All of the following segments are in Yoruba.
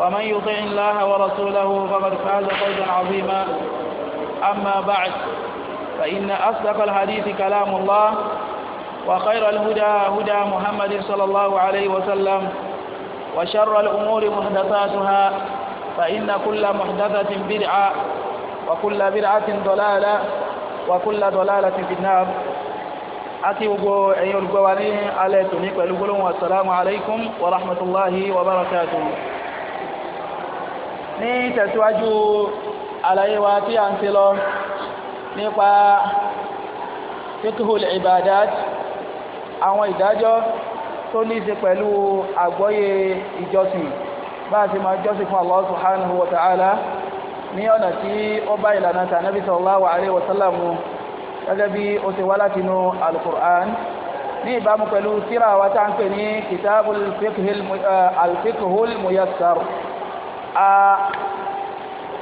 ومن يطع الله ورسوله فقد فاز فوزا عظيما أما بعد فإن أصدق الحديث كلام الله وخير الهدى هدى محمد صلى الله عليه وسلم وشر الأمور محدثاتها فإن كل محدثة بدعة وكل بدعة ضلالة وكل ضلالة في النار أتي gbogbo ẹ̀yin olùgbọ́wa ní alẹ́ tòní pẹ̀lú gbólóhùn assalamu ní tẹ̀síwájú àlàyé wa tí a ń ṣe lọ nípa fiqhul ibadat àwọn ìdájọ́ tó ní í ṣe pẹ̀lú àgbọ́yé ìjọsìn bá a ti máa jọ́sìn fún Allah subhanahu wa ta'ala ní ọ̀nà tí ó bá ìlànà tànàbí sallallahu alaihi wa sallam gẹ́gẹ́ bí ó ti wá láti inú alukur'an ní ìbámu pẹ̀lú tírà wa tá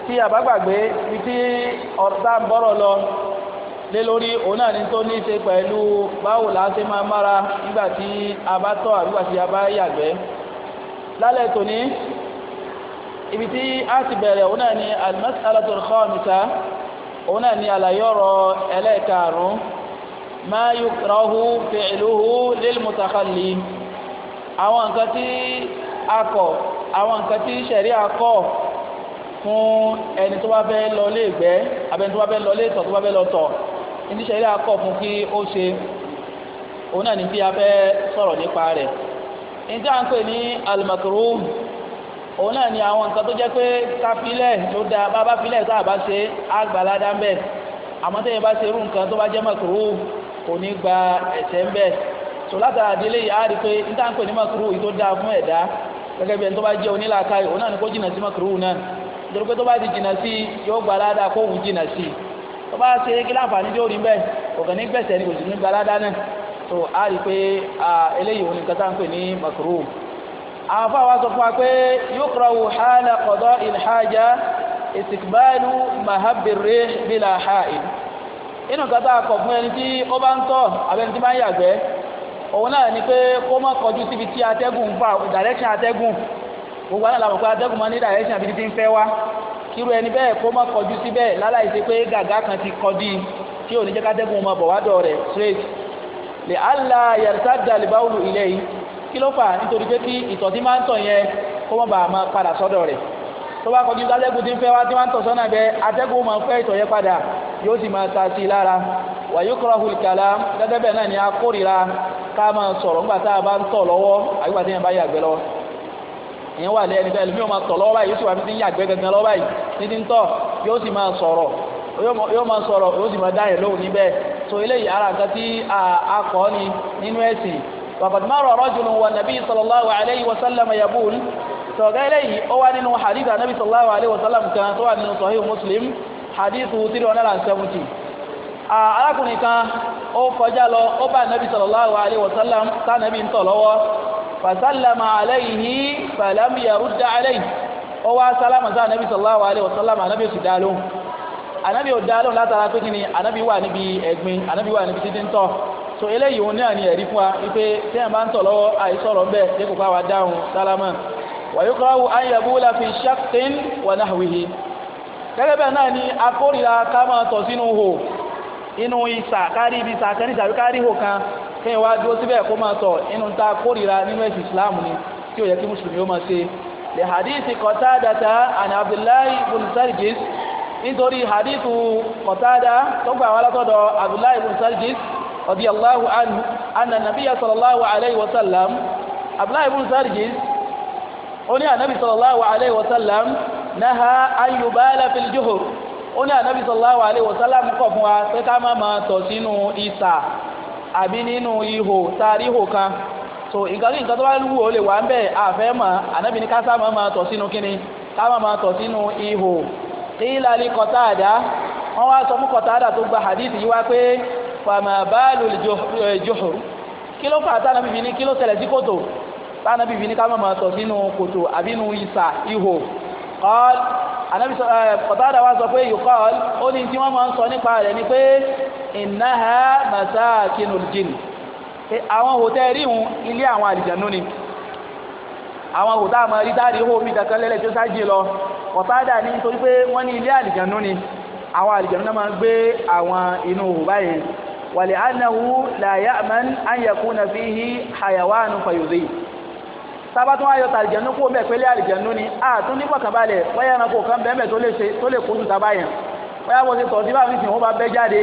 tí a bá gbàgbé títí ọ̀tá ń bọ́rọ̀ lọ lé lórí òun náà ní tó ní ṣe pẹ̀lú báwo la ṣe máa mára nígbà tí a bá tọ̀ àbígbà tí a bá yàgbẹ́ lálẹ́ tòní ibi tí a ti bẹ̀rẹ̀ òun náà ní al-mas'alatul khamisah òun náà ní àlàyé ọ̀rọ̀ ẹlẹ́ẹ̀karùn-ún ma yukrahu fi'luhu àwọn nǹkan tí a kọ̀ àwọn nǹkan tí sẹ̀rí akọ́ fún ẹni tó bá fẹ́ lọ lé ìgbẹ́ abẹni tó bá fẹ́ lọ lé ìtọ̀ tó bá fẹ́ lọ tọ̀ ní sẹ̀rí akọ́ fún kí ó ṣe òun náà ní bí a fẹ́ sọ̀rọ̀ nípa rẹ̀ níta à ń pè ní alimakuru òun náà ní àwọn nǹkan tó jẹ́ pé káfílẹ̀ ló da bábá filẹ̀ tá a ṣe àgbàládá ń bẹ̀ àmọ́ tẹ́yẹ bá ṣe irú nǹkan tó bá jẹ́ makuru kò ní gba ẹ̀ṣẹ̀ ń bẹ̀ sọ látara àdílé yìí á rí i pé níta à ń pè ní makuru yìí tó dáa fún ẹ̀dá gẹ́gẹ́ bí ẹni tó bá jẹ́ onílàákàyè òun náà ni kó jìnnà sí mọ́kìrúhù náà nítorí pé tó bá ti jìnnà sí yóò gba aládàá kó òun jìnnà sí tó bá ṣe kí láǹfààní tí ó rí bẹ́ẹ̀ òkàn ní gbẹ̀sẹ̀ ni kò sì ní gba aládàá náà tó a rí pé eléyìí òun nìkan tá ń pè ní mọ́kìrúhù. àwọn afọ àwọn sọ fún wa pé yukrahu hàlà kọ̀dọ̀ ìlhàjà ìsìkbálù mahabirre bílà hàì inú nǹkan kọ̀ fún ẹni tí ó bá ń tọ̀ àbẹ́ni òun náà ni pé kó má kọjú síbi tí atẹ́gùn gbà direction atẹ́gùn gbogbo àná làwọn pé atẹ́gùn máa ní direction àbí títí ń fẹ́ wá kíru ẹni bẹ́ẹ̀ kó má kọjú síbẹ̀ láláì ṣe pé gàgá kan ti kọjú tí ò ní jẹ́ kátẹ́gùn máa bọ̀ wádọ̀ rẹ̀ straight lè àlà yàtàdà lè báwùlù ilé yìí kí ló fà nítorí pé kí ìtọ̀ tí máa ń tọ̀ yẹn kó má bàa máa padà sọ́dọ̀ rẹ̀ tó bá kọjú atẹ́gùn tí ń fẹ́ wá tí máa ń tọ̀ sọ́nà bẹ́ẹ̀ atẹ́gùn máa ń fẹ́ ìtọ̀ yẹn padà yóò sì máa ta sí i lára wàyí kọ́ra hulikala gẹ́gẹ́ bẹ́ẹ̀ náà ni a ká máa sọ̀rọ̀ nígbà tá a bá ń tọ̀ lọ́wọ́ àgbà tí yẹn bá yàgbẹ́ lọ́wọ́ ìyẹn wà lẹ́yìn nígbà ẹlòmíràn máa tọ̀ lọ́wọ́ báyìí yóò sì wà fi ti ń yàgbẹ́ gangan lọ́wọ́ báyìí ní ti ń tọ̀ yóò sì máa sọ̀rọ̀ yóò máa sọ̀rọ̀ yóò sì máa dá yẹn lóhùn níbẹ̀ so eléyìí ara nǹkan tí a kọ́ ni nínú ẹ̀sìn wàkàtí márùn rajulun wà sallallahu alayhi wa sallam yabul sọ̀gá eléyìí ó wá nínú hadith ànábì sallallahu alayhi wa sallam kan tó wà nínú sahih muslim hadith 370 arákùnrin kan ó kọjá lọ ó bá nàbí sallallahu alaihi wasallam tánàbí ń tọ̀ lọ́wọ́ fasallama alayhi falam yarudda alayhi ó wá sálámà sí ànábì sallallahu alaihi wasallam ànábì sì dá lóhùn ànábì ò dá so eléyìí òun náà ni ẹ̀rí fún wa wípé tí ẹ̀ ń tọ̀ àìsọ̀rọ̀ ń bẹ̀ dé kò káwa dáhùn sálámà wàyúkọ́wù ayẹ̀búlá fi ṣáktín wà náà wíhí gẹ́gẹ́ bẹ́ẹ̀ náà ni akórìíra ká máa tọ̀ sínú hò inú ìsà kárí ibi ìsà kan níta kárí ihò kan kéèyàn wá dúró síbẹ̀ kó máa tọ̀ inú ta kórìíra nínú ẹ̀sìn islam ni tí ó yẹ kí mùsùlùmí ó máa ṣe lè hadith Qatada àni abdullahi ibn sarjis nítorí hadith Qatada tó gbà wá látọ̀dọ̀ abdullahi ibn sarjis radiyallahu anhu anna nabiyya sallallahu alayhi wa sallam abdullahi ibn sarjis ó ní ànábì sallallahu alayhi wa sallam naha an yubala ó ní ànábì sallallahu alaihi wasallam kọ̀ fún wa pé ká má máa tọ̀ sínú ìsà àbí nínú ihò tàrí ihò kan so nǹkan kí nǹkan tó bá wù ó lè wà ń bẹ̀ àfẹ́ mọ̀ ànábì ní ká sá máa máa tọ̀ sínú kíni ká má máa tọ̀ sínú ihò qila li Qatada wọ́n wá sọ fún Qatada tó gba hadith yìí wá pé fama balul juhur eh, kí ló fà á tánà bìbí ní kí ló ṣẹlẹ̀ sí kòtò tánà bìbí ní ká má máa tọ̀ sínú kòtò àbí nínú ìsà ihò anabi sọ ẹ eh, kọtada wa sọ pé yukọl ó ní tí wọn máa ń sọ nípa rẹ ni pé ìnáha masakinul jinn àwọn hòtẹ́ẹ̀lì ń ilé àwọn àlìjànú ni àwọn hòtẹ́ àmọ́ rí dáàrí hó mi kankan lẹ́lẹ̀ tí ó sáájì lọ kọtada ní nítorí pé wọ́n ní ilé àlìjànú ni àwọn àlìjànú náà máa ń gbé àwọn inú hò báyẹn wàlẹ̀ anahu la ya'man an yakuna fihi hayawanu fayodhi sábà tún ayọ̀ tàlìjẹ̀nu kó bẹ́ẹ̀ pélé àlìjẹ̀nu ni àtún ní pọ̀kànbalẹ̀ wáyà ẹranko kan bẹ́ẹ̀ tó lè ṣe tó lè kóso tábà yẹn wáyà wọ́n ti tọ̀ sí báwọn nísìnyí wọ́n bá bẹ́ jáde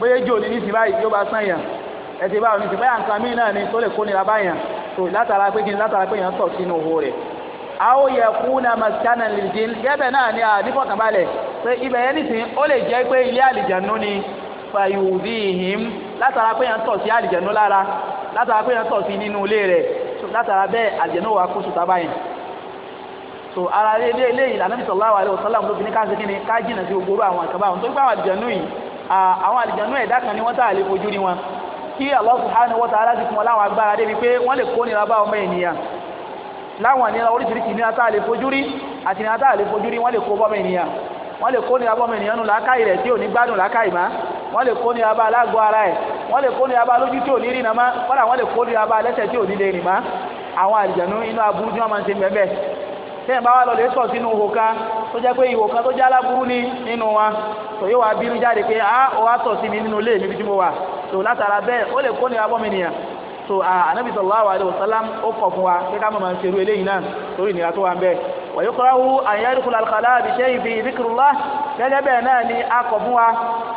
bóyá jò ní nísìnyí báyìí yóò bá sàn yàn ẹ̀sìn báwọn nísìnyí báyà nǹkan míì náà ni tó lè kóni lábá yẹn tó látara pé kíni látara pé so tọ̀ sínú owó rẹ̀. àwọn yẹ kú na masikana lìjìn gẹ́bẹ̀ náà ni àdìpọ̀kànbalẹ̀ pé ibẹ̀ yẹn nísìnyí ó lè jẹ́ pé ilé àlìjẹ̀nu ni fàyòdìhìm látara pé yẹn tọ̀ sí àlìjẹ̀nu lára látara pé yẹn tọ̀ sí nínú ilé rẹ̀ so látara bẹ́ẹ̀ àlìjẹ̀nú wa kó so ara ilé ilé yìí lànà sallallahu alaihi wasallam ló fi ní káàsì kí ni ká jìnà sí gbogbo àwọn àkàbà àwọn tó gbà àwọn àlìjẹ̀nú yìí àwọn àlìjẹ̀nú ẹ̀dá kan ni wọ́n tà lè fojú ni wọn kí Allah subhanahu wa ta'ala ti fún wọn láwọn agbára débi pé wọ́n lè kó nira bá ọmọ ènìyàn láwọn nira oríṣiríṣi nira tá fojú rí àti nira tá fojú rí wọ́n lè kó bọ́mọ ènìyàn wọ́n lè kó nira bọ́mọ ènìyàn nù lákàyè rẹ̀ tí ò ní gbádùn lákàyè má wọ́n lè kó ní abá alágọ̀ ara ẹ̀ wọ́n lè kó ní abá lójú tí ò ní rìnà má kọ́dà wọ́n lè kó ní abá lẹ́sẹ̀ tí ò ní lè rìn má àwọn àlìjẹ̀nu inú aburú tí wọ́n máa ń ṣe bẹ́ẹ̀ tẹ́yìn bá wà lọ lè sọ̀ sínú ihò kan tó jẹ́ pé ihò kan tó jẹ́ aláburú ní nínú wa tó yóò wá bínú jáde pé a ó wá sọ̀ sí mi nínú ilé mi bí mo wà tó látara bẹ́ẹ̀ ó lè kó ní abọ́ mi nìyàn tó ànábì sallallahu alaihi wasallam ó kọ̀ fún wa pé ká mọ̀ máa ń ṣerú eléyìí náà torí ìnira tó wà ń bẹ́ẹ̀ wàyí kọ́ra hu àyẹ̀rù kùlà kàlà àbíṣẹ́ ìbí ìdíkìrúlá gẹ́gẹ́ bẹ́ẹ̀ náà ni a kọ̀ fún wa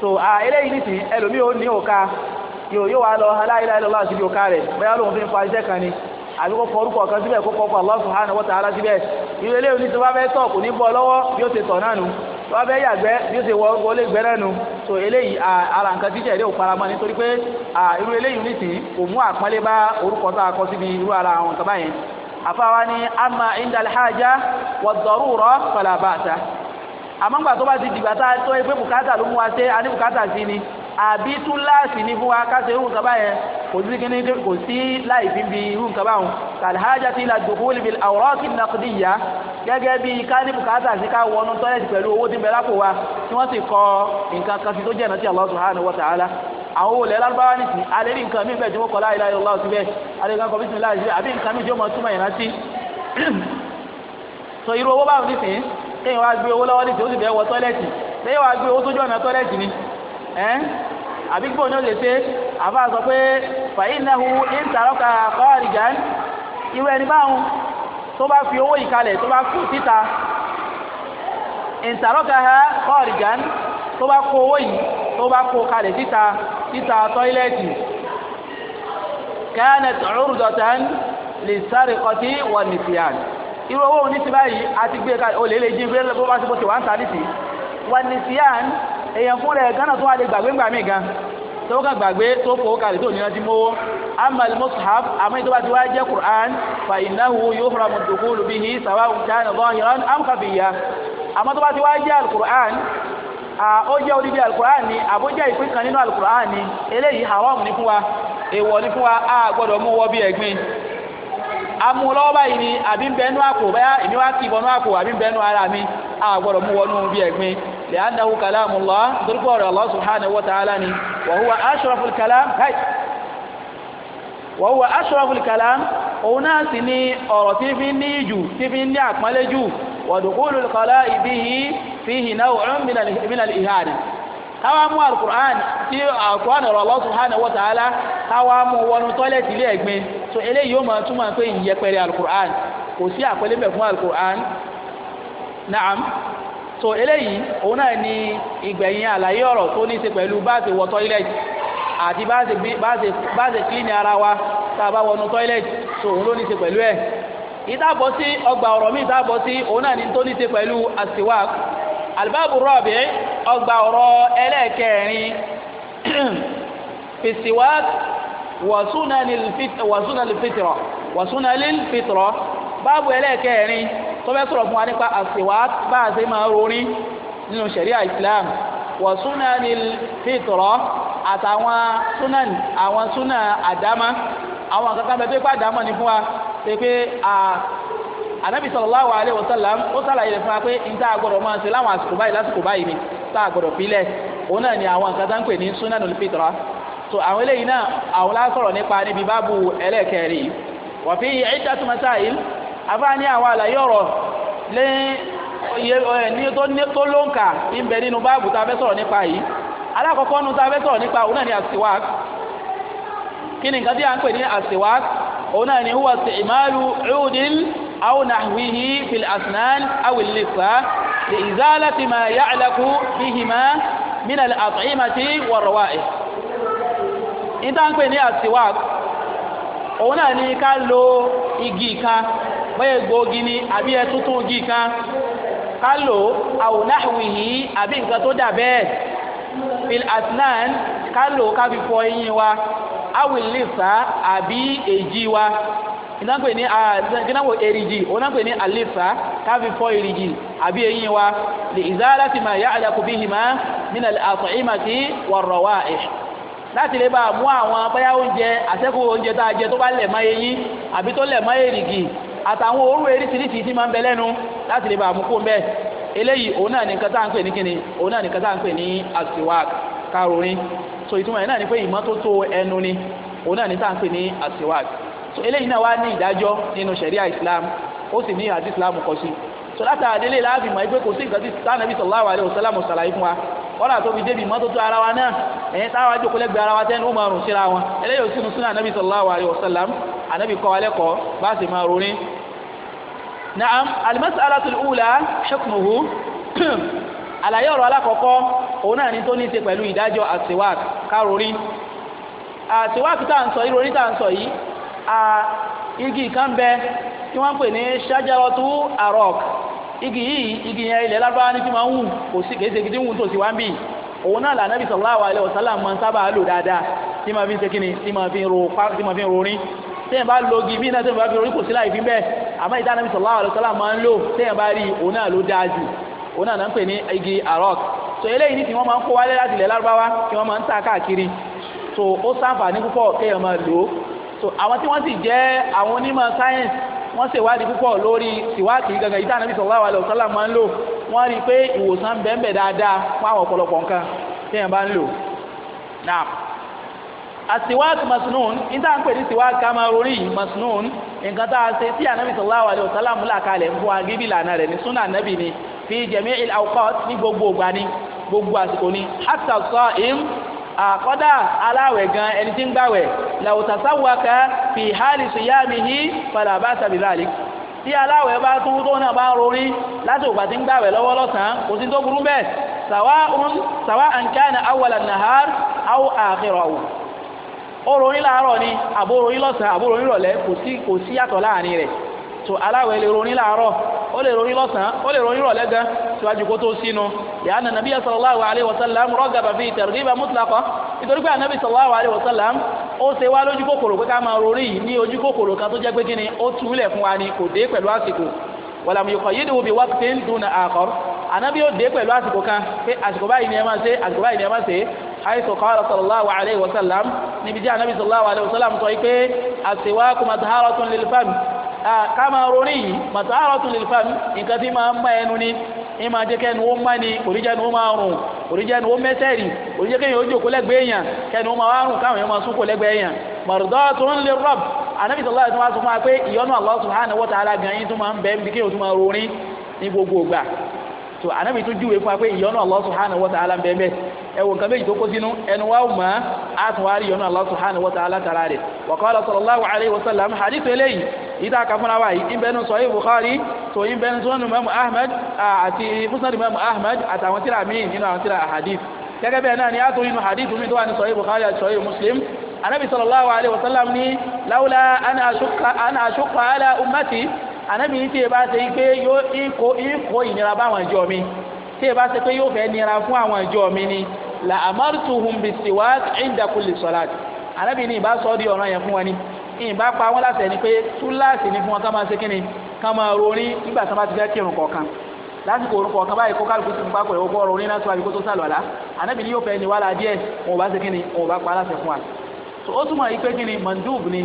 so ah, eléyìí nìsí ẹlòmíì ó ní òka yóò yóò wá lọ aláìláì lọ́wọ́ síbi òka rẹ̀ bóyá lóun fi ń fa iṣẹ́ kan ni àbí kó kọ orúkọ kan síbẹ̀ kó kọ fún Allah subhanahu wa ta'ala síbẹ̀ irú eléyìí nìsí wọ́n fẹ́ tọ̀ kò ní bọ́ lọ́wọ́ bí ó ti tọ̀ náà nu wọ́n fẹ́ yàgbẹ́ bí ó ti wọ wọlé gbẹ́ náà nu so eléyìí ara nǹkan jíjẹ́ ilé òfaramọ́ nítorí pé irú eléyìí nìsí kò mú àpọ́nlé bá orúkọ tá a kọ síbi irú ara àwọn kaba yẹn àfáwa ni ama indal haja wa darura àmọ́gbà tó bá ti dìgbà tá a tó ẹgbẹ́ bùkátà ló mú wa ṣe a ní bùkátà sí ni àbí túláàsì ní fún wa káṣe irú nǹkan báyẹn kò sí kíní kò sí láì fi bi irú nǹkan báwọn kàlhájà ti la dùkúlì bil awraq naqdiyya gẹ́gẹ́ bí ká ní bùkátà sí ká wọnú tọ́lẹ̀tì pẹ̀lú owó tí ń bẹ lápò wa tí wọ́n sì kọ nǹkan kan sí tó jẹ́ ìrántí Allah subhanahu wa ta'ala àwọn olè lárúbáwá ní sí alẹ́ ní nǹkan míì bẹ́ẹ̀ tí wọ́n kọ la ilaha illallah síbẹ̀ alẹ́ nǹkan kọ̀ọ̀bí sílẹ̀ àbí nǹkan míì tí ó mọ̀ túmọ̀ ìrántí. sọ irú owó báwọn nísìnyí kéèyàn wá gbé owó lọ́wọ́ ní tí ó wọ tọ́lẹ́tì lẹ́yìn wá gbé owó sójú ọ̀nà tọ́lẹ́tì ni àbí gbóhùn ní lè ṣe àfa sọ pé fàyínnahu ìntàrọ́kà kọ́ọ̀rìjà irú ẹni báwọn tó bá fi owó yìí kalẹ̀ tó bá kú síta ìntàrọ́kà kọ́ọ̀rìjà tó bá kó owó yìí tó bá kó kalẹ̀ síta síta tọ́lẹ́tì kẹ́hánẹ̀tì ọ̀rùdọ̀tàn lè sáré kọtí wọ́n nìfìyàn irú owó òní ti báyìí àti gbé e ká olè lè jí gbé bó bá ti bó ti wà ń ta nìsí wà ní sí àn èèyàn fún rẹ̀ gánà tó wà lè gbàgbé ńgbà mí gan tó kà gbàgbé tó fowó kalẹ̀ tó níná ti mówó amal mushaf àmọ́ ìtọ́ bá ti wá jẹ́ Qur'an fa innahu yuhramu dukhulu bihi sawa'un kana zahiran am khafiya àmọ́ tó bá ti wá jẹ́ al-Qur'an ó jẹ́ odidi al-Qur'an ni àbójá ìpín kan nínú al-Qur'an ni eléyìí haram ní fún wa èèwọ̀ ní fún wa a gbọ́dọ̀ mú wọ́ bí ẹ̀gbin amú lọ́wọ́ báyìí ni àbí ń bẹnu àpò báyà èmi wá kì í bọnú àpò àbí ń bẹnu ara mi àgbọ̀dọ̀ mú wọnú bí ẹ̀gbin li'annahu kalamullah nítorí pé ọ̀rọ̀ Allah subhanahu wa ta'ala ni wa huwa kalam káì wa huwa kalam òun náà sì ni ọ̀rọ̀ tí fi ní ìjù tí fi ní àpọ́nlé jù wa dukhulul qala'i bihi fihi naw'un min káwá mú alukur'an tí alukur'an ọ̀rọ̀ Allah subhanahu wa ta'ala káwá mú wọnú tọ́lẹ̀tì ilé ẹ̀gbin so eléyìí yóò máa túmọ̀ pé ìyẹpẹrẹ alukur'an kò sí àpẹẹlẹ mẹ́ fún alukur'an naam so eléyìí òun náà ni ìgbẹ̀yìn àlàyé ọ̀rọ̀ tó ní ṣe pẹ̀lú bá a ṣe wọ tọ́lẹ̀tì àti bá a ṣe kílíìnì ara wa tá a bá wọnú tọ́lẹ̀tì so òun ló ní ṣe pẹ̀lú ẹ̀ ìtàbọ̀ sí ọgbà ọ̀rọ̀ mi ìtàbọ̀ sí òun náà ni tó ní ṣe pẹ̀lú àṣìwáàkù alibabu rọọbì ọgbà ọ̀rọ̀ ẹlẹ́ẹ̀kẹrin fisiwak wasunalilfitrọ wasunalilfitrọ báàbù ẹlẹ́ẹ̀kẹrin tó fẹ́ sọ̀rọ̀ fún wa nípa asiwak bá a ṣe máa rorin nínú sẹ̀ríà islam wasunalilfitrọ àtàwọn sunan àwọn sunan àdámá àwọn kankan bẹ pé pàdámọ́ ni fún wa pé pé a anabi sallallahu alaihi wasallam ó sàlàyé rẹ̀ fún wa pé níta àgbọ̀dọ̀ máa ń ṣe láwọn àsìkò báyìí lásìkò báyìí ni tá àgbọ̀dọ̀ filẹ̀ òun náà ni àwọn nǹkan tá ń pè ní sunanul fitra so àwọn eléyìí náà àwọn lásọ̀rọ̀ nípa níbi báàbù ẹlẹ́ẹ̀kẹrin wa fi iddatu masail afáà ní àwọn àlàyé ọ̀rọ̀ lé ní tó lóǹkà ń bẹ nínú báàbù tá a fẹ́ sọ̀rọ̀ nípa yìí alákọ̀ọ́kọ́ nu tá a fẹ́ sọ̀rọ̀ nípa òun náà ni asiwak kí ni nǹkan tí a ń pè ní asiwak òun náà ni huwa isti'malu udin أو نحوه في الأسنان أو اللثة لإزالة ما يعلق بهما من الأطعمة والروائح إذا كان السواك òun náà ni ká lo igi kan bóyá egbòogi ni àbí ẹtútún igi kan ká lò aw nahwihi àbí nǹkan tó dà bẹ́ẹ̀ fil asnan ká lò ká fi fọ eyín wa awil lisa àbí èjì wa ìnáwó ní ìnáwó erigi onáwó ní àlefà káfí fọ́ erigi àbí eyín wa lè ìzára ti máa yá àdàkù bí hìmá nínà àtọ̀ ìmà tí wọ̀rọ̀ wá ẹ̀ láti lè bá mú àwọn abáyá oúnjẹ àṣẹ́kù oúnjẹ tá a jẹ tó bá lẹ̀ mọ́ eyín àbí tó lẹ̀ mọ́ erigi àtàwọn orú eríṣiríṣi tí máa ń bẹ lẹ́nu láti lè bá mú kó mbẹ́ eléyìí òun náà ní nǹkan tá à ń pè ní kíni òun náà ní nǹkan tá à ń pè ní àsìwák károrin so ìtumọ̀ yẹn náà ni pé ìmọ́tótó ẹnu ni òun náà ní tá à ń pè ní àsìwák so eléyìí náà wá ní ìdájọ́ nínú ṣẹ̀ríà islam ó sì ní àti islam kọ sí so látara délé láàfin mọ̀ pé kò sí nǹkan tí sànàbí sallallahu alaihi wasallam ṣàlàyé fún wa wọ́n àti omi débi mọ́tótó ara wa náà ẹ̀yìn táwọn ajókòó lẹ́gbẹ̀ẹ́ ara wa tẹ́nu ó máa rùn síra wọn eléyìí ò sínú sínú ànábì sallallahu alaihi wasallam ànábì kọ́ wa lẹ́kọ̀ọ́ bá sì máa rorin. na'am al-mas'alatul ula hukmuhu àlàyé ọ̀rọ̀ alákọ̀ọ́kọ́ òun náà ni tó ní ṣe pẹ̀lú ìdájọ́ àtiwák károrí àtiwák tá ń sọ yìí rorí tá ń sọ yìí A igi kan bẹ tí wọ́n ń pè ní ṣájárọ́tú àrọ́ọ̀kì igi yìí igi yẹn ilẹ̀ lábára ní tí máa ń wù kò sí kèése gidi ń wù tó sì wá ń bì òun náà lànà bisọ̀ láwà ilẹ̀ ọ̀sálà máa ń sábà lò dáadáa tí máa fi ń ṣe kíni tí máa fi ń ro pa tí máa fi ń rorin téèyàn bá lo igi bíi náà téèyàn bá fi rorin kò sí láì arok so eléyìí ní tí wọ́n máa ń kó wálé láti ilẹ̀ lárúbáwá so ó ṣàǹfààní púpọ̀ téèyàn so àwọn tí wọ́n sì jẹ́ àwọn onímọ̀ sáyẹ́ǹsì wọ́n ṣe ìwádìí púpọ̀ lórí ìwádìí gangan ìdáná bí sọ̀rọ̀ àwọn ọ̀sán làwọn máa ń lò wọ́n rí i pé ìwòsàn bẹ́ẹ̀nbẹ́ẹ̀ dáadáa fún àwọn ọ̀pọ̀lọpọ̀ nǹkan tí èèyàn bá ń lò. náà àtiwáàkì masnun níta ń pè ní tiwáàkì amarori masnun nǹkan tá a ṣe tí ànábì sọ̀rọ̀ àwọn ọ̀sán làwọn múlà kalẹ̀ ń fún agídí ìlànà rẹ̀ ní súnà ànábì ni fi jẹ̀mí ìlàwọ́kọ́ ní gbogbo ògbà ni gbogbo àsìkò ni hatta sa'im àkọ́dà aláwẹ̀ gan ẹni tí ń gbàwẹ̀ làwùtàsáwàká fi hali siyamihi fala ba'sa bi dhalik tí aláwẹ̀ bá tún tó náà bá ń rorí láti ògbà tí ń gbàwẹ̀ lọ́wọ́ lọ́sàn-án kò sí tó burú bẹ́ẹ̀ sawa'an kana awwala nahar aw akhirahu ó rorí láàárọ̀ ni àbó rorí lọ́sàn-án àbó rorí rọ̀lẹ́ kò sí yàtọ̀ láàrin rẹ̀ so aláwẹ̀ lè ronú láàárọ̀ ó lè ronú lọ́sàn-án ó lè ronú rọ̀lẹ́ gan síwájú kó tó sínú yàrá nàbí sallallahu alayhi wa sallam rọ́gàbà bíi targhiba mutlaqa nítorí pé ànábì sallallahu alayhi wa sallam ó ṣe wá lójú kòkòrò pé ká máa rorí yìí ní ojú kòkòrò kan tó jẹ́ pé kíni ó túlẹ̀ fún wa ni kò dé pẹ̀lú àsìkò walam yuqayyiduhu bi waqtin duna akhar ànábì ó dé pẹ̀lú àsìkò kan pé àsìkò báyìí ni ẹ máa ṣe àsìkò báyìí ni ẹ máa ṣe حيث قال صلى الله عليه وسلم نبي جاء النبي صلى الله عليه وسلم طيب السواك مطهرة للفم ká máa ronú yìí mata'aratun lil fam nǹkan tí máa ń mọ ẹnu ni ní máa jẹ́ kẹ́nu ó mọ́ ni oríjẹ́nu ó máa rùn oríjẹ́nu ó mẹ́sẹ̀rì oríjẹ́kẹ́yìn ó jòkó lẹ́gbẹ̀ẹ́ èèyàn kẹ́nu ó máa wá rùn káwọn èèyàn máa súnkò lẹ́gbẹ̀ẹ́ èèyàn mardatun lirrabb anabi sallallahu alaihi wasallam máa pé ìyọ́nú Allah subhanahu wa ta'ala gan yín tó máa ń bẹ bí kéèyàn tó máa ronú ní gbogbo ìgbà so anabi tó júwe fún wa pé Allah subhanahu wa ta'ala ń bẹ ẹwọ nǹkan méjì tó kó sínú ẹnu wá rí ìyọ́nú Allah subhanahu wa ta'ala rẹ̀ wa qala sallallahu alaihi hadith eléyìí ìdá kàfúnra wa yìí ìbẹ́nu sọ yìí Bukhari tó ìbẹ́nu sọ́nù mẹ́mu Ahmed àti musnad mẹ́mu Ahmed àtàwọn tíra míì nínú àwọn tíra hadith gẹ́gẹ́ bẹ́ẹ̀ náà ni a tó inú hadith mi tó wà ní sọ yìí Bukhari àti sọ yìí Muslim anabi sallallahu alayhi wa sallam ni lawla ana ashuka ana ashuka ala ummati anabi ní tí e bá ṣe pé yóò ìkó ìkó ìnira bá àwọn ìjọ mi tí e bá ṣe pé yóò fẹ́ nira fún àwọn ìjọ mi ni la amartuhum bisiwak inda kulli salat anabi ní ìbá sọ di ọ̀ràn yẹn fún wa ìyìnbá pa wọ́n láti ẹni pé túláàsì ni fún wọn ká máa ṣe kí ni ká máa rorin nígbà tí wọ́n bá ti fẹ́ kírun kọ̀ọ̀kan lásìkò orúkọ kan báyìí kó kálukú ti ń pa pẹ̀lú ọgbọ́n orin náà tó àbíkó tó sàlọ̀ àlá ànábì la díẹ̀ wọn ò ni wọn ò bá pa fún wa so ó túmọ̀ yìí ni mandub ni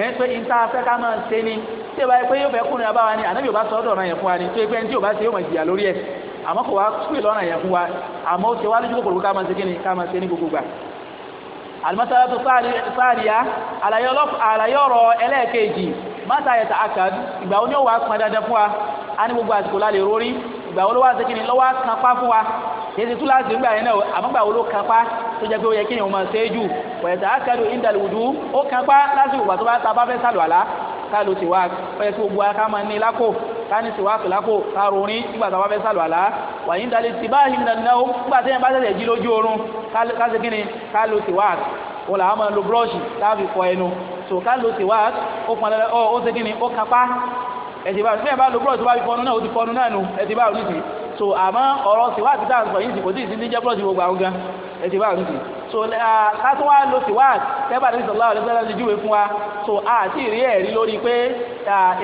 ẹ̀yìn pé ìta afẹ́ ká máa ṣe ni tí ìbá yẹ pé yóò fẹ́ kúnra yà bá wa ni ànábì ò bá sọ ọ́dọ̀ ọ̀ràn yẹn fún wa ni tó yẹ pé ẹni tí ò bá ṣe yóò máa àmọ́ kò wá pè ká máa ṣe kí ni ká máa ṣe ní gbogbo gbà alimasalatu sáàríyá àlàyé ọ̀rọ̀ ẹlẹ́ẹ̀kejì mata ta akad ìgbà wo ni ó wàá pọn dandan fún wa a ní gbogbo àsìkò lálẹ́ rórí ìgbà wo ló wàá sẹ́kìnì lọ́wọ́ kanpá fún wa yẹtí túláàsì ńgbà yẹn náà àmọ́ gbà wo ló kanpá tó jẹ́ pé ó yẹ kí ni òun máa ṣe é jù wẹ̀yẹ̀tà akadu indalwudu ó kanpá lásìkò pàtó bá ta bá fẹ́ sálù àlá sálù tiwa ó yẹ kí gbogbo aká máa ní lákò káni sì wá tòlákò karorin nígbà tá a bá fẹ́ sàlù àlá wàyí ń dalẹ̀ tì bá yìí nà náà nígbà tí yẹn bá tẹ̀lé jí lójú oorun káṣe kí ni ká lo tì wá o là á máa lo búrọ́ọ̀ṣì láàbì fọ ẹnu tó ká lo tì wá ó pọn dandan ó ṣe kí ni ó kápá ẹ̀sìn bá fẹ́ẹ̀ bá lo búrọ́ọ̀ṣì bá fi fọnu náà ó ti fọnu náà nu ẹ̀sìn bá ò ní so àmọ́ ọ̀rọ̀ tì wá ti dáhùn ẹtì bá ń di so kátó wá lo sí wáàt kẹ́bà ní sọ̀lá ọ̀lẹ́ sọ́lá júwe fún wa so àti ìrí ẹ̀rí lórí pé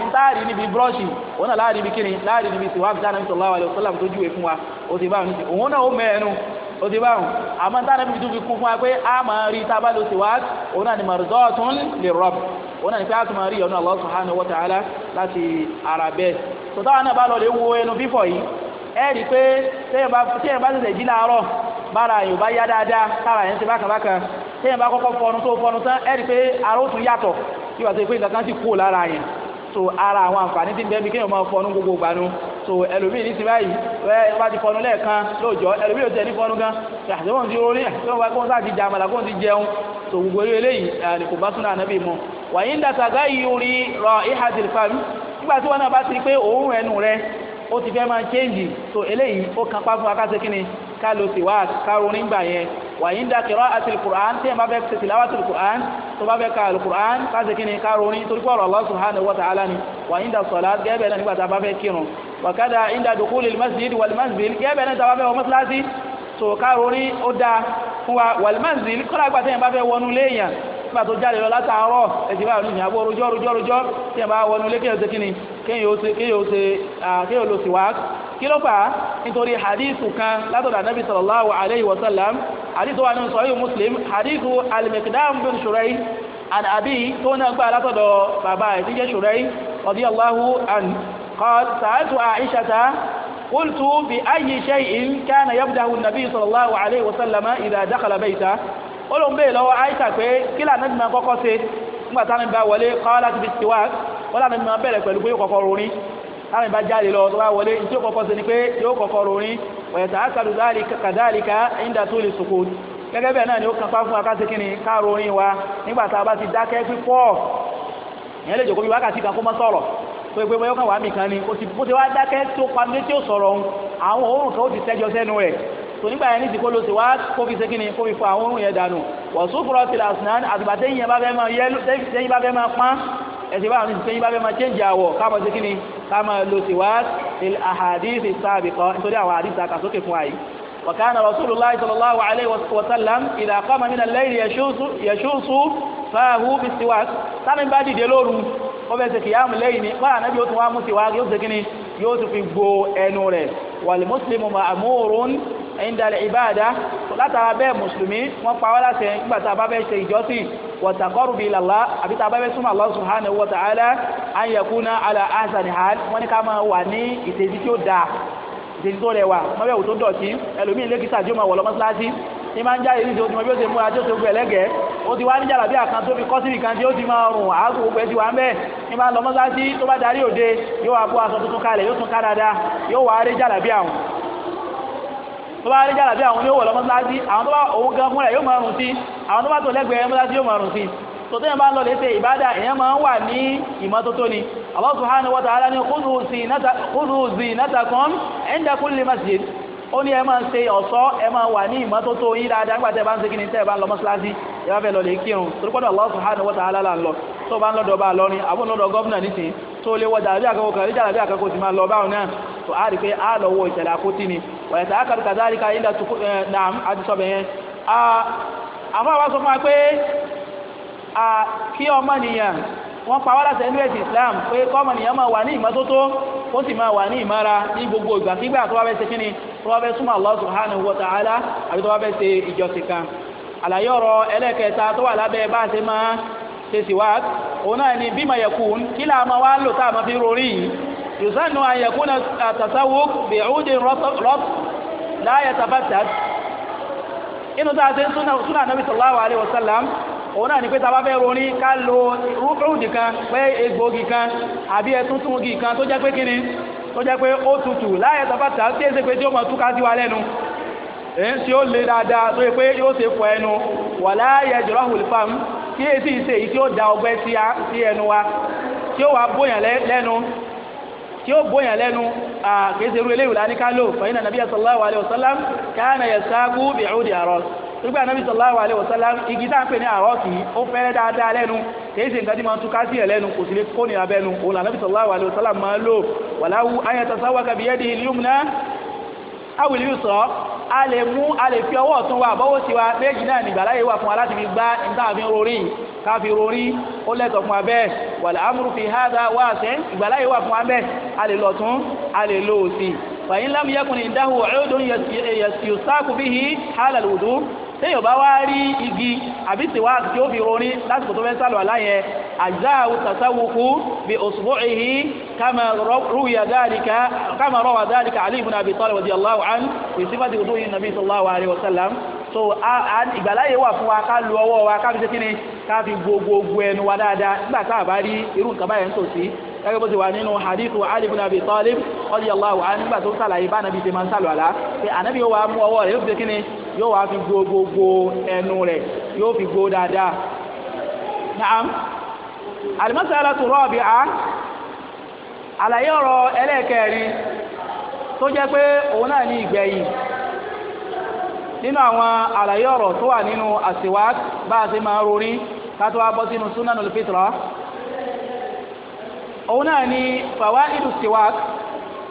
ìtaàrí níbi brọ́ọ̀ṣì òun náà láàrin ibi kíni láàrin ibi sí wáàt dáná ní sọ̀lá ọ̀lẹ́ sọ́lá tó júwe fún wa ó ti bá ń di òun náà ó mẹ́ẹ̀nu ó ti bá ń àmọ́ táwọn ẹbí tó fi kún fún wa pé a máa rí tábà lo sí wáàt òun náà ni marzọ́ọ̀tún lè rọ́ọ̀bù òun ni pé a tún Allah subhanahu wa ta'ala láti ara bẹ́ẹ̀ sọ̀tàwọn náà bá lọ wo ẹnu fífọ̀ yìí ẹ̀rí pé tẹ́yẹ̀ bá tẹ́yẹ̀ bá tẹ̀sẹ̀ bára yóò bá yá dáadáa tára yẹn ń ṣe bákan bákan téèyàn bá kọ́kọ́ fọnu tó fọnu tán ẹ̀rí pé ara ó tún yàtọ̀ kí wàá sọ pé nǹkan kan sì so ara àwọn àǹfààní tí ń bẹ́ẹ̀ bí kéèyàn máa gbogbo gbanu. so ẹlòmíì ní ti ti fọnu lẹ́ẹ̀kan lóòjọ́ ẹlòmíì ò tẹ̀ ní fọnu gan ti orí ẹ̀ tí wọ́n bá kó ó ti fẹ́ máa change so eléyìí ó kápá fún akásẹ́ kínní ká lo sí wáá ká ronú ìgbà yẹn wàyí ń da qira'ati al-Qur'an tí ẹ̀ bá fẹ́ ṣe tilawati al-Qur'an tó bá fẹ́ ka al-Qur'an ká ṣe kínní torí pé ọ̀rọ̀ Allah subhanahu wa ta'ala ni wàyí ń da salat gẹ́gẹ́ bẹ́ẹ̀ náà nígbà tá a bá fẹ́ kírun wàkádà ń da so ká ronú ó dáa fún wa wal-manzil kọ́lá gbàtẹ́yìn nígbà tó jáde lọ látàárọ̀ ẹ̀sìn báyìí olùyìn àbọ̀ rojọ́ rojọ́ rojọ́ tí ẹ̀ bá wọnú ilé kéèyàn ṣe kíni kéèyàn ó ṣe kéèyàn lò sí wá kí ló fà á nítorí hadithu kan látọ̀dọ̀ anabi sallallahu alayhi wa sallam hadithu wa nínú sahih muslim hadithu al-miqdam bin shurayi an abi tó náà gbà látọ̀dọ̀ bàbá ẹ̀ tíjẹ́ shurayi radiyallahu an qala sa'altu aishata قلت بأي شيء كان يبدأ النبي صلى الله عليه وسلم إذا دخل بيته ó lọ́wọ́ Aisha pé kí lànà bí máa kọ́kọ́ ṣe nígbà táwọn ìbá wọlé kọ́wá láti fi tiwa ó lànà bí máa bẹ̀rẹ̀ pẹ̀lú pé yóò kọ́kọ́ rorin táwọn ìbá jáde lọ tó bá wọlé ní tí yóò kọ́kọ́ ṣe ni pé yóò kọ́kọ́ rorin ọ̀yẹ̀tà ákàdù kàdáàlìkà ìndà pa fún akásí kínní ká rorin wa nígbà tá a bá ti dákẹ́ pípọ̀ ìyẹn ni ó ti wá dákẹ́ tó pa tò nígbà yẹn ní ìdíkó ló ti wá kó fi ṣe kí ni kó fi fọ àwọn ohun yẹn dànù wọ̀sùn fúrọ́ ti là sùn náà àtìgbà téyìn bá fẹ́ máa yẹ téyìn bá fẹ́ máa pán ẹ̀sìn báwọn oníṣẹ́ téyìn bá fẹ́ máa change àwọ̀ káàmọ̀ ṣe kí ni káàmọ̀ lo ti wá àhàdìsì sáàbìkọ́ nítorí àwọn àhàdìsì àkàsókè indal ibada látara bẹ́ẹ̀ mùsùlùmí wọ́n pa wá láṣẹ nígbà a bá fẹ́ ṣe ìjọsìn wa taqarrubi ila Allah àbí tá a bá fẹ́ súnmọ́ Allah subhanahu wa ta'ala an yakuna ala ahsani hal wọ́n ní ká máa wà ní ìtẹ̀sí tí ó dáa ìtẹ̀sí tó rẹwà mọ́bẹ̀wò tó dọ̀tí ẹlòmíì lẹ́kìtà tí ó máa wọ̀ lọ mọ́sálásí ní máa ń jáde ní ìṣòwò tí mo bí ó ṣe múra tí ó ṣe gbẹ lẹ́gẹ̀ẹ́ ó ti wá ní jàlábí àkan tó fi kọ́ síbi kan tí ó ti máa rùn àágùn gbogbo ẹ̀ ti wá ń bẹ́ẹ̀ ní máa lọ mọ́sálásí tó bá darí òde yóò wá bó aṣọ tuntun kalẹ̀ yóò tún ká dáadáa yóò wá rí jàlábí àwọn tó bá rí jàlábí àwọn ni ó wọ̀ lọ mọ́sálásí àwọn tó bá òun gan fúnra yóò máa rùn sí àwọn tó bá tó lẹ́gbẹ̀ẹ́ mọ́sálásí yóò máa rùn sí tó tẹ́yìn bá ń lọ lè ṣe ìbádà èèyàn máa ń wà ní ìmọ́tótó ni Allah subhanahu wa ta'ala ní khudhu zinatakum inda kulli masjid ó ní ẹ máa ń ṣe ọ̀ṣọ́ ẹ máa wà ní ìmọ́tótó yín dáadáa nígbà tẹ́ bá ń ṣe kí ni tẹ́ bá ń lọ mọ́sálásí ẹ bá fẹ́ lọ lè kírun torí Allah subhanahu wa ta'ala là tó bá ń lọ́dọ̀ bá lọ́rin àbọ̀n lọ́dọ̀ gọ́vnà nìsín tó lè wọ jàlábí àkọ́kọ́ kan jàlábí àkọ́kọ́ sì máa lọ báwọn náà tó a rí pé a lọ wọ ìṣẹ̀lẹ̀ àkótí ni wọ̀nyẹ̀tà akadu kazalika ilẹ̀ tukú naam àti sọ̀bẹ̀ yẹn àwọn Islam pé kọ́mọ nìyàn máa wà ní ìmọ́tótó ó sì máa wà ní ìmára ní gbogbo ìgbàkígbà tó bá fẹ́ ṣe kíni tó bá fẹ́ súnmọ́ Allah ẹlẹ́kẹta tó wà lábẹ́ bá ṣe máa ṣe siwak ona náà ni bima yakun kí là máa wá lò tá a máa fi rori yìí yusannu an yakuna tasawuk bi udi rot la yatabatat inú tá a ṣe súnà nàbí sallallahu alayhi wa ona òun náà ni pé tàbá fẹ́ rori ká lo rúdì kan pé egbògi kan àbí ẹtúntúngi kan tó jẹ́ pé kíni tó jẹ́ pé ó tutù la yatabatat tí èsè pé tí ó mọ̀ túká sí wa lẹ́nu èyí tí ó le dáadáa tó yẹ pé yóò ṣe fọ ẹnu wala yajrahul fam kí èsì ìṣe yìí tí ó da ọgbẹ́ sí ẹnu wa tí ó wà bóyàn lẹ́nu tí ó bóyàn lẹ́nu àkèsè irú eléyìí lání ká lò fẹ̀yìn nàbí sallallahu alaihi wasallam káàna yẹ sáàkú bìhúdì àrọ́s nígbà nàbí sallallahu alaihi wasallam igi tá à ń pè ní àrọ́s yìí ó fẹ́rẹ́ dáadáa lẹ́nu kèsè nǹkan tí nàbí sallallahu alaihi wasallam awìlì yusra a lè mú a lè fi ọwọ́ ọ̀tún wa àbọ̀wọ́ tiwa méjì náà nígbà láyé wà fún wa láti fi gbá níta fi rori ká fi rori ó lẹ́tọ̀ fún wa bẹ́ẹ̀ wal amru fi hadha wasi'un ìgbà láyé wà fún wa bẹ́ẹ̀ a lè lọ tún a lè lọ òsì fàyín lámìyẹ́kùnrin dáhùn ọ̀ẹ́dùn yẹ̀sì téèyàn bá wá rí igi àbí tìwá tí ó fi roní lásìkò tó fẹ́ sálọ aláyẹ àjáwù tàṣàwùkú bí òṣùwò èyí kama rọwà dáríkà Ali ibn Abi Talib radiyallahu anhu ìsífàtì òdó yìí nàbí gẹ́gẹ́ bó ti wà nínú hadithu Ali ibn Abi Talib radiyallahu anhu nígbà sàlàyé bá nàbí ṣe ń sàlọ̀ àlá pé ànábì wa mú ọwọ́ rẹ̀ yóò fi ṣe kíni yóò wá fi gbó gbogbo ẹnu rẹ̀ yóò fi gbó dáadáa naam alimasala tó rọ́ọ̀bì á àlàyé ọ̀rọ̀ ẹlẹ́ẹ̀kẹrin tó jẹ́ pé òun náà ní ìgbẹ̀yìn nínú àwọn àlàyé ọ̀rọ̀ tó wà nínú àsìwá bá a ṣe máa rorí kátó wá bọ́ sínú sunanul fitra òun náà ní fawaidu siwak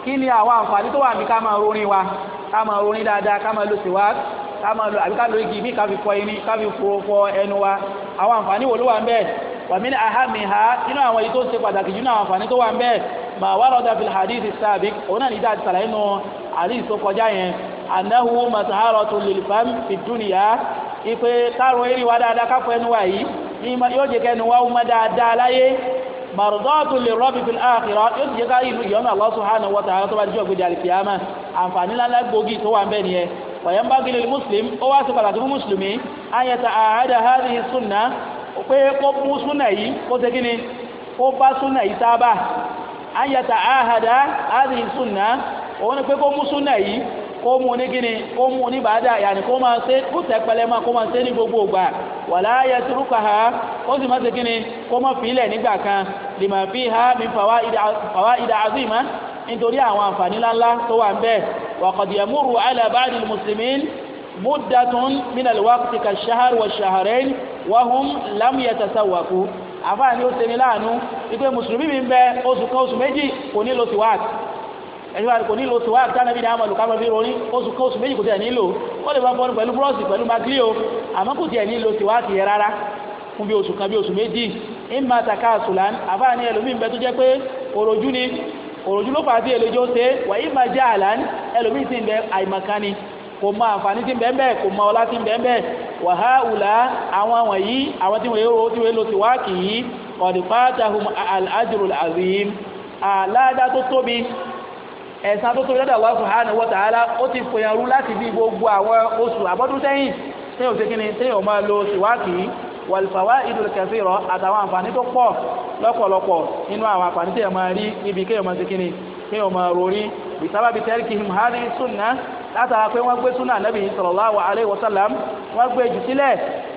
kí ni àwọn àǹfààní tó wà ní ká máa rorí wa ká máa rorí dáadáa ká máa lo siwak ká máa lo àbí ká lo igi mí ká fi fọ ẹni ká fi fọ ẹnu wa àwọn àǹfààní wo ló wà ń bẹ́ẹ̀ wàmí ní ahami ha inú àwọn èyí tó ṣe pàtàkì jù ní àwọn àǹfààní tó wà ń bẹ́ẹ̀ mà wà lọ́dà fi hadith sabiq òun náà ní dáa tàlà inú hadith tó kọjá yẹn anahu masaharatu lilfam fi dunya ipe kárùn eré wa dáadáa ká fọ ẹnu wa yìí yóò jẹ kẹnu wa ọmọ dáadáa láyé mardatu lè rọ́bì fi àkìrọ̀ yóò ti jẹ́ ká ìlú ìyọ́nà Allah subhanahu wa ta'ala tó bá jẹ́ ògbèjà àlìkìyàmà àǹfààní ńláńlá gbòógì tó wà ń bẹ nìyẹn وينبغي للمسلم او واسق على المسلم ان يتعاهد هذه السنه pé kó mú súnà yìí kó ṣe kíni kó bá súnà yìí sábà an yata'ahada hadhihi súnà o ni pé kó mú súnà yìí kó mú ní kíni kó mú ní bàdà yàní kó máa ṣe kó tẹ pẹlẹ máa kó máa ṣe ní gbogbo ìgbà wala yatrukaha ó sì má ṣe kíni kó má fi ilẹ̀ nígbà kan lima fiha min fawaid azima nítorí àwọn àǹfààní ńláńlá tó wà ń bẹ́ẹ̀ وقد يمر على بعض المسلمين مدة من الوقت كالشهر والشهرين وهم لم يتسوقوا àfáà ni ó ṣeni láàánú wípé mùsùlùmí mi ń bẹ oṣù kan oṣù méjì kò ní lo tiwaak ẹni wá kò ní lo tiwaak tánàbí ní amọ̀lù kámọ́ fi ronú oṣù kan oṣù méjì kò tiẹ̀ nílò ó lè máa fọ́nù pẹ̀lú búrọ́ọ̀sì pẹ̀lú maglio àmọ́ kò tiẹ̀ ní lo tiwaak yẹ rárá fún bí oṣù kan bí oṣù méjì ń máa tàka àṣùlán àfáà ni ẹlòmíì ń bẹ tó jẹ́ pé òròjú ni òròjú ló fàá sí ẹlẹ́jọ́ ṣe wàyí máa jẹ́ àlàní ẹlòmíì sì ń bẹ àìmọ̀kánni kò mọ àǹfààní tí ń bẹ bẹ́ẹ̀ kò mọ ọlá tí ń bẹ bẹ́ẹ̀ wàhá ùlà àwọn wọ̀nyí àwọn tí wọ́n yóò tí wọ́n lò sí wáàkì yìí ọ̀dùpátàhùn al-ajrul azim àládá tó tóbi ẹ̀san tó tóbi lọ́dọ̀ Allah subhanahu wa ta'ala ó ti fòyàn rú láti bí gbogbo àwọn wàlìfàwá ìdúró kẹfì rọ àtàwọn àǹfààní tó pọ̀ lọ́pọ̀lọpọ̀ nínú àwọn àǹfààní tí ẹ máa rí níbi kéèyàn máa ti kíni kéèyàn máa rori bìsábà bíi tẹ́ríkì himhari sunna látara pé wọ́n gbé sunna nabi sallallahu alayhi wa sallam wọ́n gbé jù sílẹ̀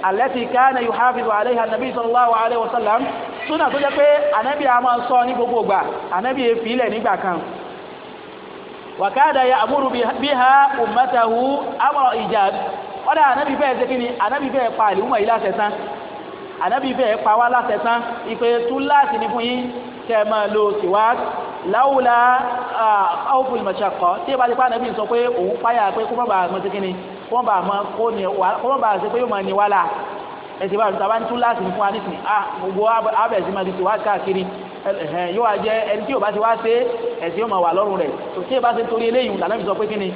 allati kana yuhafizu alayha nabi sallallahu alayhi wa sallam sunna tó jẹ́ pé anabi a máa sọ ní gbogbo gbà anabi e èéfì ilẹ̀ nígbà kan ànábì bẹ́ẹ̀ pa wá láṣẹ tán ìpè túláàsì ni fún yín kẹ́ ẹ máa lo siwak láwùlá ọ̀fùlù mọ̀ṣàkọ́ tí ìbá ti pa ànábì sọ pé òun páyà pé kó má bàa mọ sí kíni kó má bàa pé yóò máa ní wàhálà ẹ̀sìn báyìí tàbá ń túláàsì ni fún wa nísìnyí ah gbogbo abẹ́ẹ̀sì máa di siwak káàkiri ẹ̀hẹ̀n yóò wá jẹ́ ẹni tí yóò bá ti wá ṣe ẹ̀sìn yóò máa wà lọ́rùn rẹ̀ tó tí yóò bá ṣe torí eléyìí lànàbí sọ pé kí ni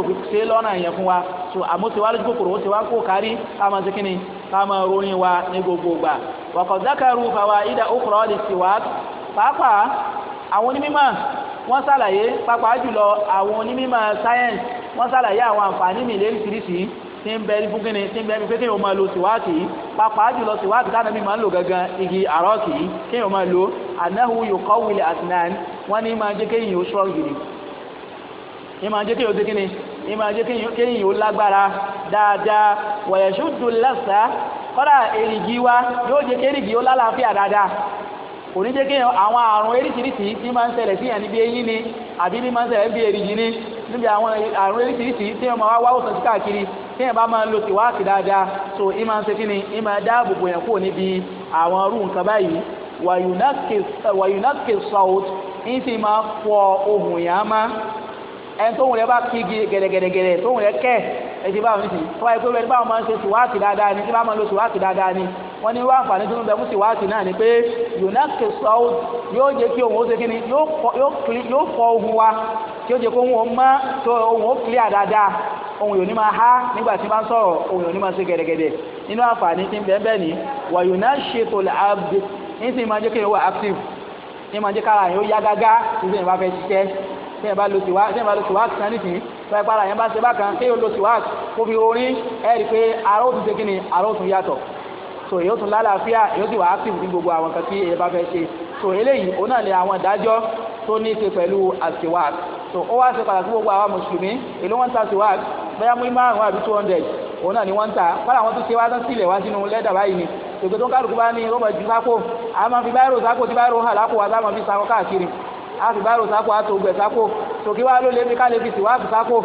òfin ṣe lọ́nà yẹn fún wa tó àmọ́ ṣe wá lójú kòkòrò ó ṣe wá kó kárí ká máa ṣe kí ni Kama máa wa ní gbogbo gbà wàkọ̀ zakaru fawaida ukhra lis-siwak pàápàá àwọn onímọ̀ wọ́n sàlàyé pàápàá jùlọ àwọn onímọ̀ sáyẹ́ǹsì wọ́n sàlàyé àwọn àǹfààní mi léríṣiríṣi tí ń bẹ ní fún kíni tí ń bẹ ní pé kí èèyàn máa lo síwáàkì pàápàá jùlọ síwáàkì táwọn ẹbí máa ń lò gangan igi àrọ́ọ̀kì kí èèyàn máa lo anahu yuqawwil asnan wọ́n ní máa jẹ́ kéèyàn ó strong gidi ní máa jẹ́ kéèyàn ó dé kíni ní máa jẹ́ kéèyàn ó lágbára dáadáa wọ̀yẹ̀ṣúdù lẹ́sà kọ́dà èrìgì wa yóò jẹ́ kérìgì ó lálàáfíà dáadáa kò ní jẹ́ kí àwọn àrùn eríṣiríṣi tí máa ń ṣẹlẹ̀ sí yàn níbi eyín ni àbí ní máa ń ṣẹlẹ̀ níbi èrìgì ni níbi àwọn àrùn eríṣiríṣi tí wọ́n máa wá wòsàn sí káàkiri tí yàn bá máa ń lo tìwáàkì dáadáa so í máa ń ṣe kí ni í máa dáàbò bò yàn kúrò níbi àwọn irú nǹkan báyìí wàyùnákè sọ̀t ń sì máa fọ ohùn yàn á má ẹni tóhùn rẹ̀ bá kí gẹ̀rẹ̀gẹ̀rẹ̀gẹ̀rẹ̀ tóhùn rẹ̀ kẹ́ẹ̀ ẹ̀sìn báwọn nìsín wọ́n yẹ pé wẹ́n báwọn máa ń ṣe tùwáàtì dáadáa ni tí bá máa lo tùwáàtì dáadáa ni wọ́n ní wá àǹfààní tó ń bẹ fún tùwáàtì náà ni pé yonaki sọ́ọ́ yóò jẹ́ kí òun ó ṣe kíni yóò fọ ohun wa tí ó jẹ́ kó ohun ó mọ́ tó ohun ó kílíà dáadáa ohun yòó ní máa há nígbà tí máa ń sọ̀rọ̀ ohun yòó ní máa ṣe gẹ̀dẹ̀gẹ̀dẹ̀ nínú àǹfààní tí ń bẹ́ẹ̀ ni wà yòó náà ṣe tó lè abdi ní sì máa jẹ́ kí èèyàn wà active ní máa jẹ́ pẹ́pàrà yẹn bá ṣe bákan kí o lo siwak kó fi orin ẹ̀rí pé ara ó tún ṣe kíni ara ó tún yàtọ̀ so èyí ó tún lálàáfíà èyí ó sì wà active ní gbogbo àwọn kan tí èyí bá fẹ́ ṣe so eléyìí òun náà ni àwọn ìdájọ́ tó ní í ṣe pẹ̀lú asiwak so ó wá ṣe pàtàkì gbogbo àwọn mùsùlùmí èló wọn ta siwak bẹ́ẹ̀ mú márùn-ún àbí two hundred òun náà ni wọ́n ń ta kọ́lá wọn tún ṣe wá tán sílẹ̀ wá sínú lẹ́dà báyìí ni ètò tó ń kálukú bá ní rọ́bà ju sáko àmọ́ fi báyìí rò sáko tí báyìí rò hàn lápò wá sáwọn fi sáko káàkiri àtùbárò sápò àtògbẹ̀ sápò tòkí wá ló lé ní kálẹ̀ fi tìwáàbù sápò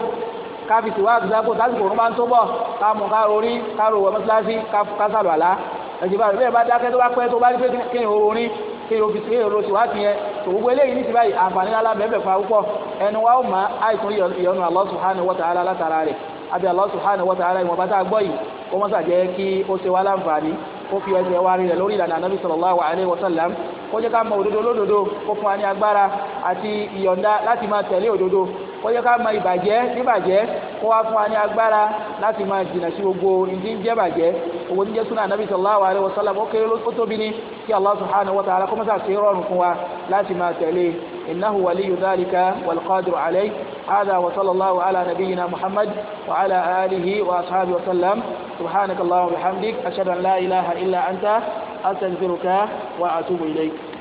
káfi tìwáàbù sápò sásìkò òun bá ń tó bọ̀ ká mú ká rorí ká ro wọ mọ́sálásí ká sàlù àlá ẹ̀jẹ̀ bá rẹ̀ bẹ́ẹ̀ bá dákẹ́ tó bá pẹ́ tó bá rí pé kí ni orin kí ló fi sí èrò síwájú yẹn tó gbogbo eléyìí níṣẹ́ báyìí àǹfààní ńlá bẹ́ẹ̀ fún akúkọ ẹnu wa ó mọ àìsàn ìyọnu Allah subhanahu wa ta'ala látara rẹ̀ àbí Allah subhanahu wa ta'ala ìwọ̀nba tá a gbọ́ yìí kó mọ́sà jẹ́ kí ó ṣe wá láǹfààní ó fi ẹsẹ̀ wa rí rẹ̀ lórí ìlànà anábì sallallahu alaihi wa sallam kó jẹ́ ká mọ òdodo lódodo kó fún wa ní agbára àti ìyọ̀ǹda láti máa tẹ̀lé òdodo kó jẹ́ ká mọ ìbàjẹ́ níbàjẹ́ kó wá fún wa ní agbára láti máa jìnà sí gbogbo ìdí ń jẹ́ bàjẹ́ owó ní jẹ́ súnà anábì sallallahu alaihi wasallam ó kéré ó tóbi ní kí Allah subhanahu wa ta'ala kó mọ́sà sí rọrùn fún wa láti máa tẹ̀lé innahu waliyu dhalika wal qadiru alayhi هذا وصلى الله على نبينا محمد وعلى آله وأصحابه وسلم سبحانك اللهم وبحمدك أشهد أن لا إله إلا أنت أستغفرك وأتوب إليك